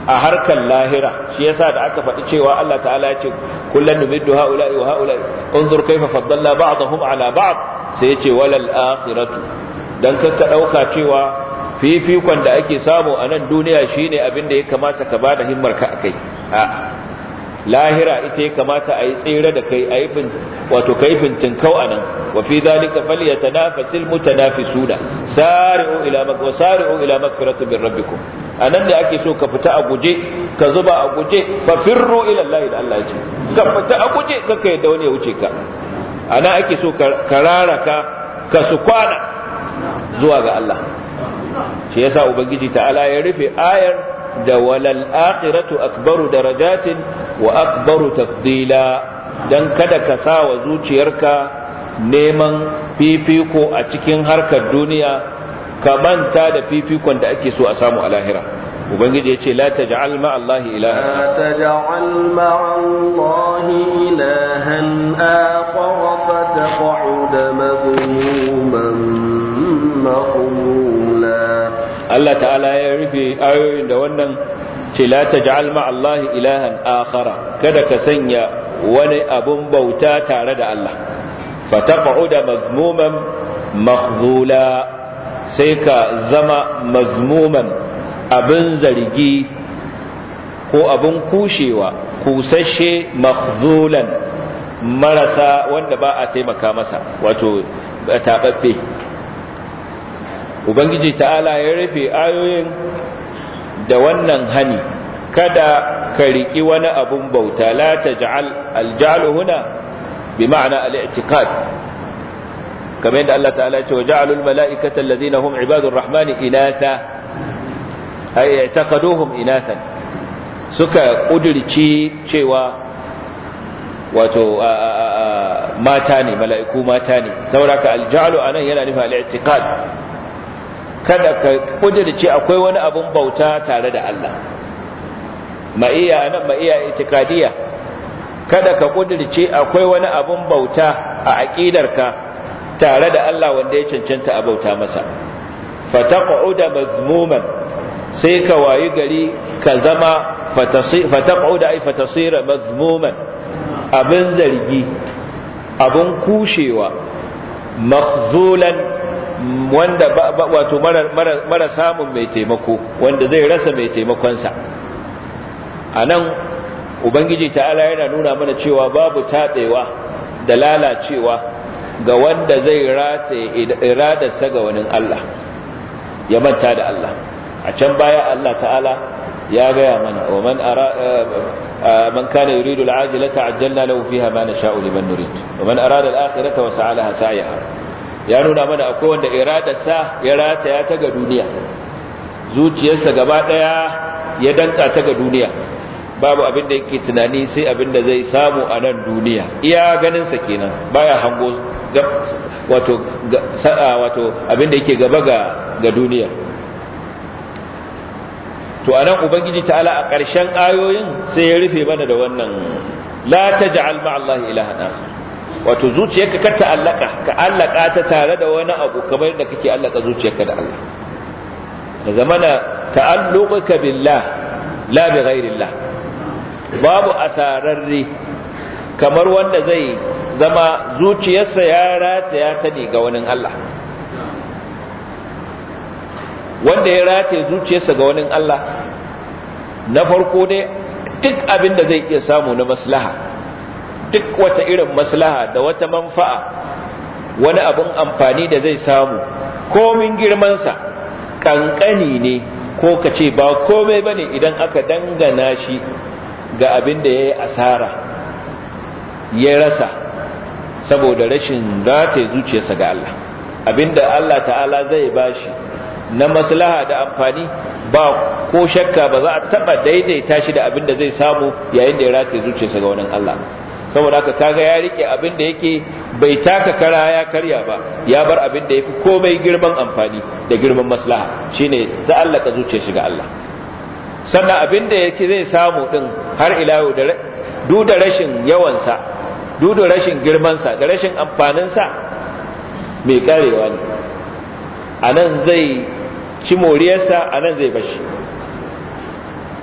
a harkar lahira shi yasa da aka faɗi cewa Allah ta'ala ya ce kullum numiddu ha'ula'i wa ha'ula'i unzur kaifa faddalla ba'dahum ala ba'd sai ya ce walal akhiratu dan ka ɗauka cewa fifikon da ake samu a nan duniya shine abin da ya kamata ka bada himmar ka akai a'a lahira ita ya kamata a yi tsere da kai aifin wato kaifin tinkau a nan wa fi zalika falyatanafasil mutanafisuna sari'u ila mak wa sari'u ila magfiratin min rabbikum anan da ake so ka fita a guje ka zuba a guje fa firru ila Allah da Allah ce ka fita a guje ka kai da wani ya wuce ka anan ake so ka raraka ka su kwana zuwa ga Allah shi yasa ubangiji ta'ala ya rufe ayar da walal akhiratu akbaru darajatin wa akbaru tafdila dan kada ka sa wa zuciyarka neman fifiko a cikin harkar duniya ka manta da fifikon da ake so a samu a lahira ubangiji yace ce la taj'al ma Allah ilahan la taj'al ma Allah ilahan akhar fa taq'ud madhmum Allah ta'ala ya rufe ayoyin da wannan ce la taj'al ma'allahi ilahan akhara kada ka sanya wani abun bauta tare da Allah fataqa'uda mazmuman makhzula sai ka zama mazmuman abin zargi ko abin kushewa kusashe makhzulan marasa wanda ba a taimaka masa wato tababbe ubangiji ta'ala ya rufe ayoyin da wannan hani kada ka riki wani abun bauta la taj'al aljalu huna bi ma'ana al-i'tiqad kamar yadda Allah ta'ala ya ce wa ja'alul mala'ikata alladhina hum ibadur rahmani inatha ay i'taqaduhum inathan suka kudirci cewa wato mata ne mala'iku mata ne ka aljalu anan yana nufin al-i'tiqad kada ka kudirce akwai wani abun bauta tare da Allah ma'iya nan ma'iya itikadiya kada ka kudirce akwai wani abun bauta a aqidarka tare da Allah wanda ya cancanta a bauta masa fataq'uda mazmuman sai ka wayi gari ka zama fataq'uda ay fatasira mazmuman abin zargi abin kushewa makhzulan wanda wato mara samun mai taimako wanda zai rasa mai taimakonsa a nan ubangiji ta'ala yana nuna mana cewa babu taɓewa da lalacewa ga wanda zai rataye iradarsa ga wani Allah ya manta da Allah a can baya Allah ta'ala ya gaya mana wa man ara eh, eh, man kana yuridu al'ajilata ajjalna lahu fiha ma nasha'u liman nurid wa man arada al'akhirata wa sa'alaha sa'iha ya nuna mana akwai wanda sa ya rataya ta ga duniya zuciyarsa gaba daya ya danka ta ga duniya babu abin da yake tunani sai abin da zai samu a nan duniya iya ganinsa kenan baya hango wato wato abin da yake gaba ga ga duniya to anan ubangiji ta'ala a ƙarshen ayoyin sai ya rufe mana da wannan la taj'al ma'allahi ilahan akhar wato zuciyarka ka ta'allaka ka allaka ta tare da wani abu kamar yadda kake allaka zuciyarka da Allah da zamana ta'alluquka billah la bi ghairillah babu asararri kamar wanda zai zama zuciyarsa ya rataya ta ne ga wani Allah wanda ya rataya zuciyarsa ga wani Allah na farko dai duk abin da zai iya samu na maslaha duk wata irin maslaha da wata manfa'a wani abin amfani da zai samu komin girmansa ƙanƙani ne ko ka ce ba komai ba ne idan aka dangana shi ga abin da ya yi asara ya rasa saboda rashin rataye zuciyarsa ga Allah abinda Allah ta'ala zai bashi na maslaha da amfani ba ko shakka ba za a taɓa daidaita shi da abinda zai samu yayin da ya rataye zuciyarsa ga wannan Allah saboda haka kaga ya rike abin da yake bai taka kara ya karya ba ya bar abin da yafi komai girman amfani da girman maslaha shine ta Allah ka zuciya shi ga Allah sannan abin da yake zai samu din har ila yau da duk da rashin yawan sa da rashin girman sa da rashin amfanin sa mai karewa ne anan zai ci moriyarsa anan zai bashi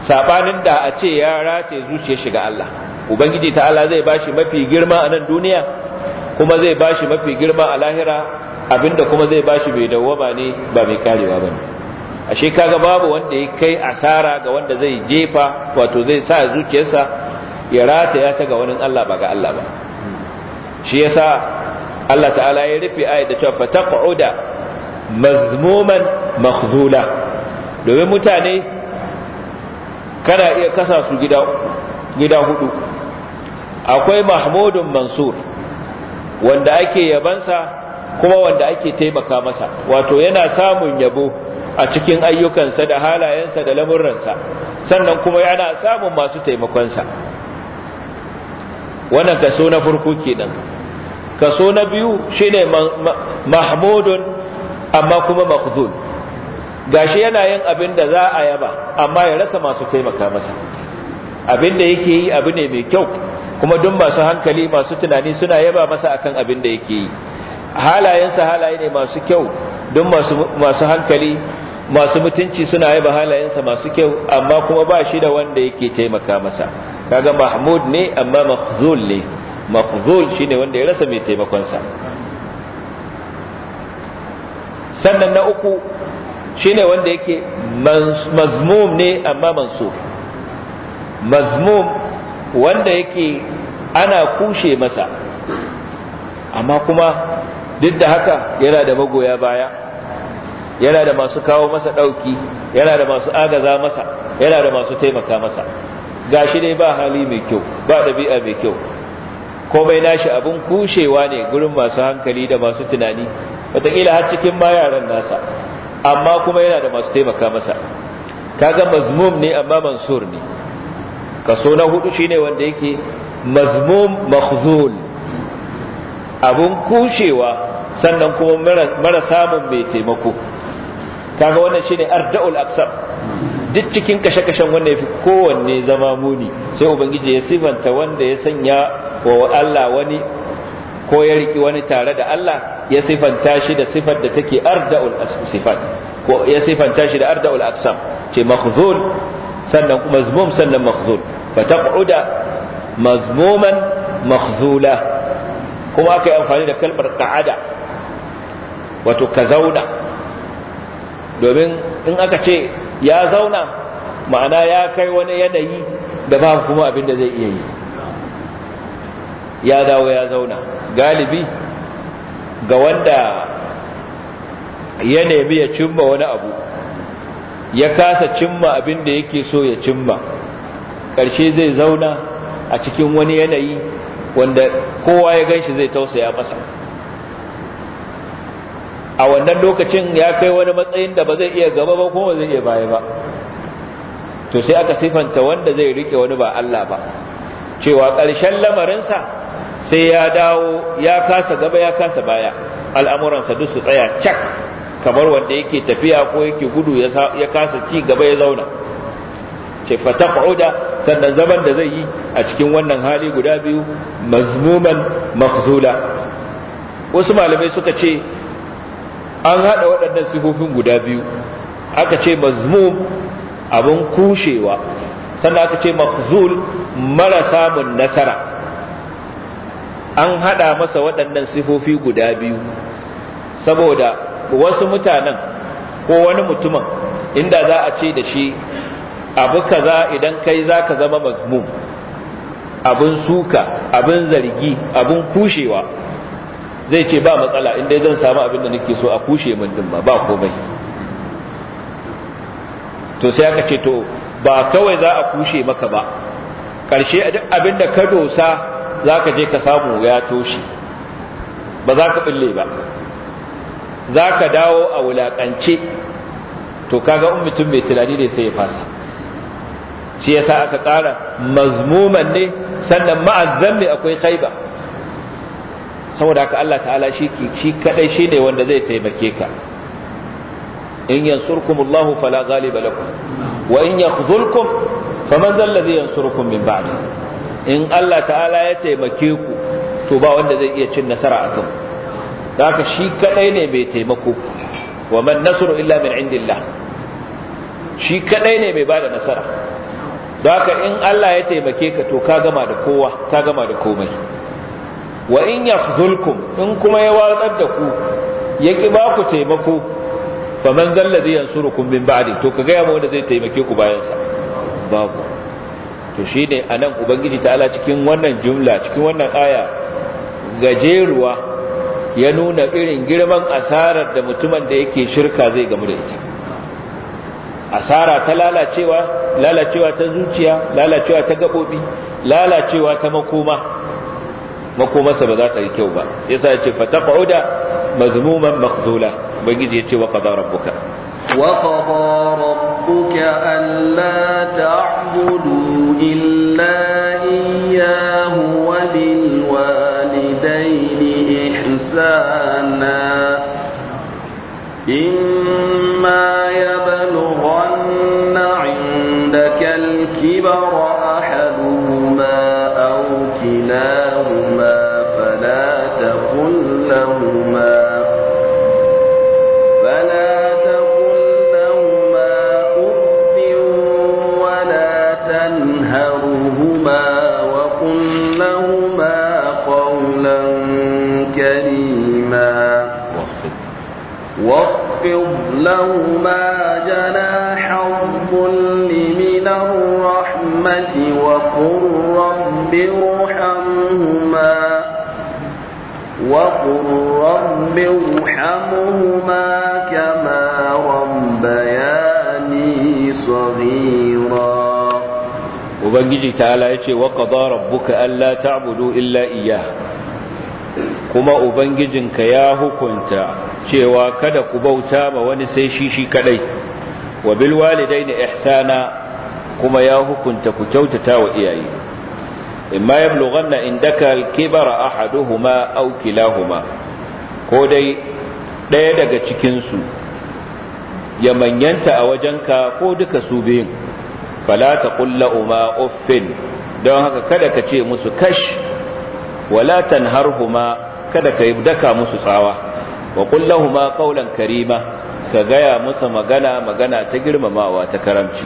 sabanin da a ce ya race zuciyar shi ga Allah ubangiji ta'ala zai bashi mafi girma a nan duniya kuma zai bashi mafi girma a lahira abinda kuma zai bashi bai dawwama ne ba mai karewa ba ne ashe kaga babu wanda ya kai asara ga wanda zai jefa wato zai sa zuciyarsa ya rataya ta ga wani Allah ba ga Allah ba shi yasa Allah ta'ala ya rufe ayat da cewa fataqauda mazmuman makhzula domin mutane kana iya kasa su gida gida hudu akwai mahmudun mansur wanda ake yabansa kuma wanda ake taimaka masa wato yana samun yabo a cikin ayyukansa da halayensa da lamurransa sannan kuma yana samun masu taimakonsa wannan kaso na farko kenan kaso na biyu shine mahmudun amma kuma makhzul gashi yana yin abin da za a yaba amma ya rasa masu taimaka masa abin da yake yi abu ne mai kyau kuma duk masu hankali masu tunani suna yaba masa akan abin da yake yi halayensa halaye ne masu kyau duk masu hankali masu mutunci suna yaba halayensa masu kyau amma kuma ba shi da wanda yake taimaka masa kaga mahmud ne amma Mahzul ne Mahzul shine wanda ya rasa mai taimakonsa sannan na uku shine wanda yake mazmum ne amma mansur mazmum wanda yake ana kushe masa amma kuma duk da haka yana da magoya baya yana da masu kawo masa ɗauki yana da masu agaza masa yana da masu taimaka masa ga shi dai ba hali mai kyau ba ɗabi'a mai kyau komai nashi abin kushewa ne gurin masu hankali da masu tunani wataƙila har cikin ma yaran nasa amma kuma yana da masu taimaka masa kaga mazmum ne amma mansur ne kaso na hudu shine wanda yake mazmum makhzul abun kushewa sannan kuma mara samun mai taimako kaga wannan shine arda'ul aksar duk cikin kashe-kashen wanda yafi kowanne zama muni sai ubangiji ya sifanta wanda ya sanya wa Allah wani ko ya riki wani tare da Allah ya sifanta shi da sifar da take arda'ul sifat ko ya sifanta shi da arda'ul aksam ce makhzul sannan kuma zmum sannan makhzul fataq'uda mazmuman makhzula kuma aka yi amfani da kalmar ka'ada wato ka zauna domin in aka ce ya zauna ma'ana ya kai wani yanayi da ba kuma abin da zai iya yi ya dawo ya zauna galibi ga wanda ya nemi ya cimma wani abu ya kasa cimma abin da yake so ya cimma Karshe zai zauna a cikin wani yanayi wanda kowa ya gan shi zai tausaya masa a wannan lokacin ya kai wani matsayin da ba zai iya gaba ba kuma zai iya baya ba to sai aka sifanta wanda zai rike wani ba Allah ba cewa ƙarshen lamarinsa sai ya dawo ya kasa gaba ya kasa baya al'amuransa duk su tsaya cak kamar wanda yake tafiya ko yake gudu ya kasa ci gaba ya zauna ce fataqauda sannan zaman da zai yi a cikin wannan hali guda biyu mazmuman makhzula wasu malamai suka ce an haɗa waɗannan sifofin guda biyu aka ce mazmum abin kushewa sannan aka ce mafzul mara samun nasara an haɗa masa waɗannan sifofi guda biyu saboda wasu mutanen ko wani mutumin inda za a ce da shi abu kaza idan kai zaka zama mazmum abin suka abin zargi abin kushewa zai ce ba matsala inda zan samu abin da nake so a kushe min din ba ba komai to sai aka ce to ba kawai za a kushe maka ba karshe duk abin da ka dosa zaka je ka samu ya toshe ba za ka bille ba za ka dawo a wulakance to kaga in mutum mai tunani ne sai ya fasa shi yasa aka ƙara mazmuman ne sannan ma'azzan ne akwai khaiba saboda haka Allah ta'ala shi shi kadai shine wanda zai taimake ka in yansurkumullahu fala ghaliba lakum wa in yakhzulkum faman zal ladhi yansurukum min ba'di in Allah ta'ala ya taimake ku to ba wanda zai iya cin nasara a akan haka shi kadai ne mai taimako wa man nasru illa min indillah shi kadai ne mai bada nasara haka in Allah ya taimake ka to ka gama da kowa ka gama da komai wa in yakhzulkum in kuma ya watsar da ku ya ki ba ku taimako fa man zal ladhi yansurukum min ba'di to ka gaya mu wanda zai taimake ku bayan sa babu to shi shine anan ubangiji ta'ala cikin wannan jumla cikin wannan aya gajeruwa ya nuna irin girman asarar da mutumin da yake shirka zai gamu da ita asara ta lalacewa lalacewa ta zuciya lalacewa ta gabobi lalacewa ta makoma makoma sa ba za ta yi kyau ba yasa yace fa taqauda mazmuman maqdula ubangiji ya ce wa qada rabbuka وقضى ربك ألا تعبدوا إلا إياه وبالوالدين إحسانا إما يبلغ الكبر أحدهما أو كلاهما فلا تقل لهما فلا تقل لهما أف ولا تنهرهما وقل لهما قولا كريما واخفض لهما جناح الظل من الرحمة النعمة وقل رب ارحمهما وقل رب ارحمهما كما ربياني صغيرا Ubangiji ta'ala ya ce, Waka ba rabbuka Allah ta illa iya, kuma Ubangijinka ya hukunta cewa kada ku bauta ma wani sai shi shi kadai, wa bilwalidai na ihsana kuma ya hukunta ku kyautata wa iyaye imma yablughanna indaka al-kibara ahaduhuma aw kilahuma ko dai ɗaya daga cikin su ya manyanta a wajenka ko duka su biyun fala taqul lahumā uffin don haka kada ka ce musu kash wala harhuma kada ka daka musu tsawa wa qul lahumā karima ka gaya musu magana magana ta girmamawa ta karamci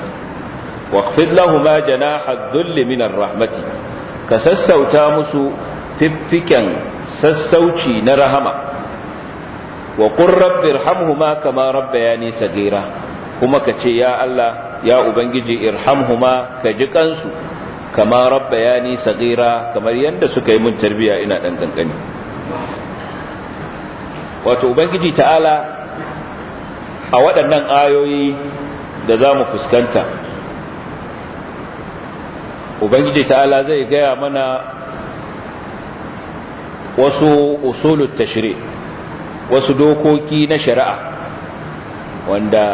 waqfid lahuma janaha dhulli min rahmati ka sassauta musu fiffiken sassauci na rahama wa qur rabbi irhamhuma kama rabbayani sagira kuma ka ce ya Allah ya ubangiji irhamhuma ka ji kansu kama rabbayani sagira kamar yanda suka yi mun tarbiya ina dan kankani wato ubangiji ta'ala a waɗannan ayoyi da za mu fuskanta ubangiji ta'ala zai gaya mana wasu usulun tashiri wasu dokoki na shari'a wanda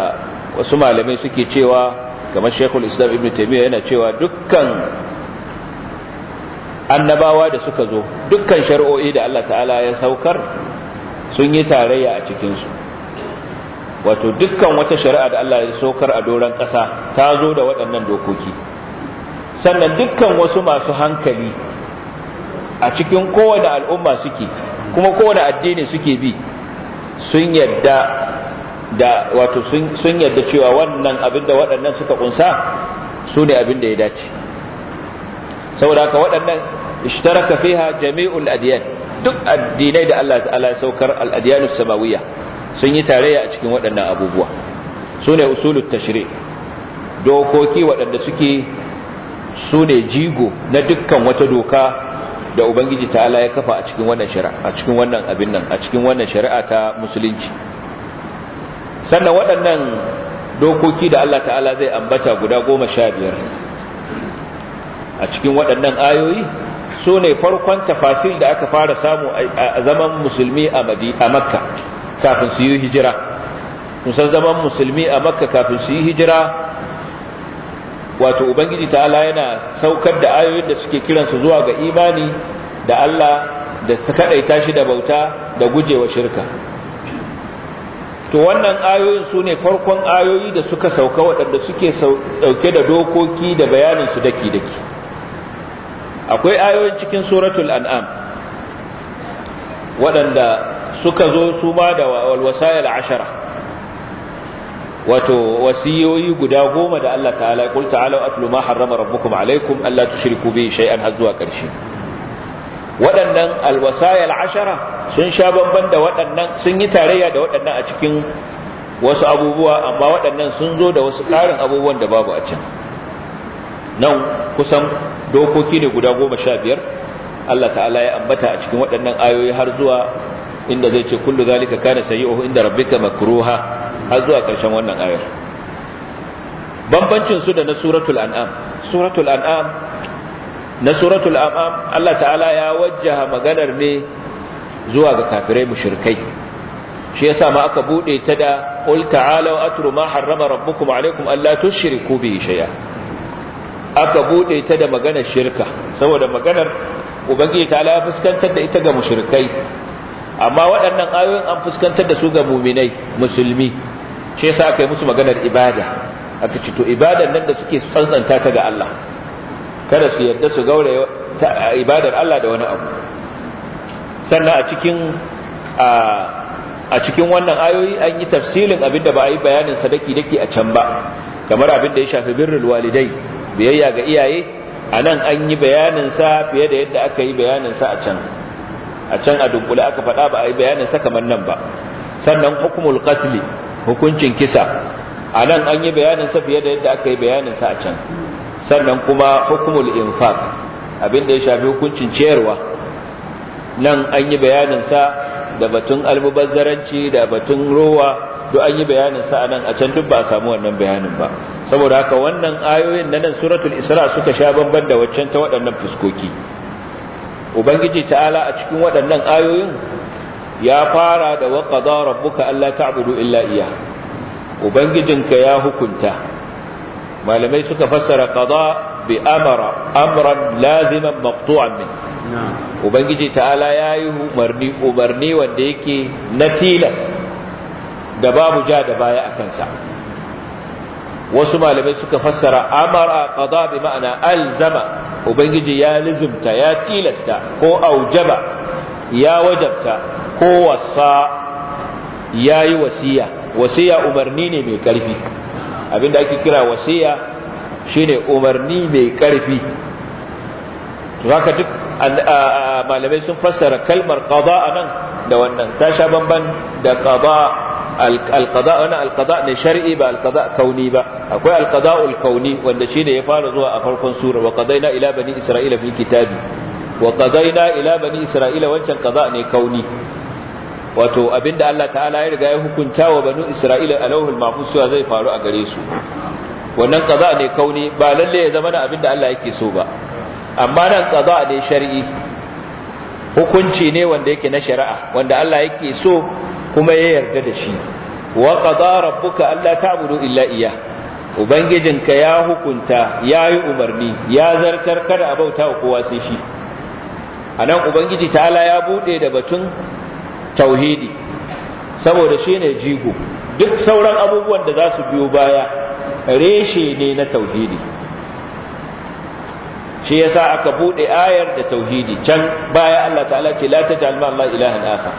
wasu malamai suke cewa kamar shekul islam ibn taimiyya yana cewa dukkan annabawa da suka zo dukkan shari'o'i da allah ta'ala ya saukar sun yi tarayya a cikinsu wato dukkan wata shari'a da allah ya saukar a doron ƙasa ta zo da waɗannan dokoki sannan dukkan wasu masu hankali a cikin kowane al'umma suke kuma kowane addini suke bi sun yadda da wato sun yadda cewa wannan abin da waɗannan suka kunsa su ne abin da ya dace saboda haka waɗannan ishtaraka fiha jami'ul adiyan duk addinai da Allah ta'ala saukar al-adiyanus samawiyya sun yi tarayya a cikin waɗannan abubuwa su ne usulut tashri dokoki waɗanda suke su ne jigo na dukkan wata doka da ubangiji ta'ala ya kafa a cikin wannan shari'a a cikin wannan abin nan a cikin wannan shari'a ta musulunci sannan waɗannan dokoki da Allah ta'ala zai ambata guda goma sha biyar a cikin waɗannan ayoyi su ne farkon tafasil da aka fara samu a zaman musulmi a makka kafin su yi hijira musan zaman musulmi a makka kafin su yi hijira wato ubangiji ta'ala yana saukar da ayoyin da suke kiransu zuwa ga imani da Allah da kadai shi da bauta da gujewa shirka to wannan ayoyin su ne farkon ayoyi da suka sauka waɗanda suke dauke da dokoki da bayanin su daki daki akwai ayoyin cikin suratul an'am waɗanda suka zo su ma da walwasa'il ashara wato wasiyoyi guda goma da Allah ta'ala ya kulta ala atlu ma harrama rabbukum alaikum alla tushriku bi shay'an har zuwa karshe waɗannan alwasaya al'ashara sun sha bamban da waɗannan sun yi tarayya da waɗannan a cikin wasu abubuwa amma waɗannan sun zo da wasu ƙarin abubuwan da babu a can nan kusan dokoki ne guda goma sha biyar Allah ta'ala ya ambata a cikin waɗannan ayoyi har zuwa inda zai ce kullu zalika kana sayyi'uhu inda rabbika makruha har zuwa ƙarshen wannan ayar bambancin su da na suratul an'am suratul an'am na suratul an'am Allah ta'ala ya wajjaha maganar ne zuwa ga kafirai mushrikai shi yasa ma aka bude ta da ta'ala wa atru ma harrama rabbukum alaykum alla tushriku bihi shay'a aka bude ta da maganar shirka saboda maganar ubangiji ta'ala ya fuskantar da ita ga mushrikai amma waɗannan ayoyin an fuskantar da su ga muminai musulmi shi yasa aka yi musu maganar ibada aka ce to ibadar nan da suke tsantsanta ta ga Allah kada su yarda su gauraya ibadar Allah da wani abu sannan a cikin a cikin wannan ayoyi an yi tafsilin abin da ba a yi bayanin sadaki dake a can ba kamar abin da ya shafi birrul walidai biyayya ga iyaye a nan an yi bayanin sa fiye da yadda aka yi bayanin sa a can a can a dunkule aka faɗa ba a yi bayanin sa kamar nan ba sannan hukumul qatl hukuncin kisa a nan an yi bayaninsa fiye da yadda aka yi bayaninsa a can sannan kuma hukumul infaq abinda ya shafi hukuncin ciyarwa nan an yi sa da batun almubazzaranci da batun rowa duk an yi bayaninsa a nan a can duk ba a samu wannan bayanin ba saboda haka wannan ayoyin na nan suratul isra suka sha bamban da waccan ta waɗannan fuskoki ubangiji ta'ala a cikin waɗannan ayoyin ya fara da wa qada Allah alla ta'budu illa iya. ubangijinka ya hukunta malamai suka fassara qada bi amara amran laziman maqtu'an min ubangiji ta'ala yayi umarni umarni wanda yake na tilas da babu ja da baya a kansa wasu malamai suka fassara amara qada bi ma'ana alzama ubangiji ya lizumta ya tilasta ko aujaba ya wajabta ko wasa ya yi wasiya wasiya umarni ne mai ƙarfi abinda ake kira wasiya shine umarni mai ƙarfi haka duk malamai sun fassara kalmar qada nan da wannan ta sha bamban da qada alqada wannan alqada ne shar'i ba alqada kauni ba akwai alqada'ul kauni wanda shine ya fara zuwa a farkon sura wa qadaina ila bani isra'ila fil kitabi wa qadaina ila bani isra'ila wancan qada ne kauni wato abinda Allah ta'ala ya riga ya hukunta wa banu Isra'ila a lauhul mahfuz cewa zai faru a gare su wannan qaza ne kauni ba lalle ya zama da abinda Allah yake so ba amma nan qaza ne shar'i hukunci ne wanda yake na shari'a wanda Allah yake so kuma ya yarda da shi wa qada rabbuka alla ta'budu illa iyyah ubangijinka ya hukunta ya yi umarni ya zartar kada a bauta wa kowa sai shi a ubangiji ta'ala ya buɗe da batun tauhidi saboda shi ne jigo duk sauran abubuwan da za su biyo baya reshe ne na tauhidi shi yasa aka bude ayar da tauhidi can baya Allah ta'ala ce la taj'al ma Allah ilahan akhar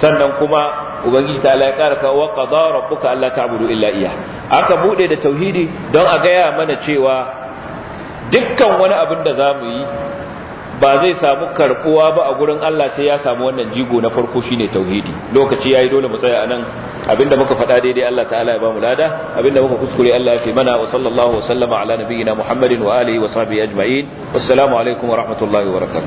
sannan kuma ubangiji ta'ala ya kara ka wa qada rabbuka alla ta'budu illa iya aka bude da tauhidi don a gaya mana cewa dukkan wani abin da zamu yi ba zai samu karbuwa ba a gurin Allah sai ya samu wannan jigo na farko shine tauhidi lokaci yayi dole mu tsaya anan abinda muka faɗa daidai Allah ta'ala ya ba mu lada abinda muka kuskure Allah ya fi mana wa sallallahu wa sallama ala nabiyyina Muhammadin wa alihi wa sahbihi ajma'in wassalamu alaikum wa rahmatullahi wa barakatuh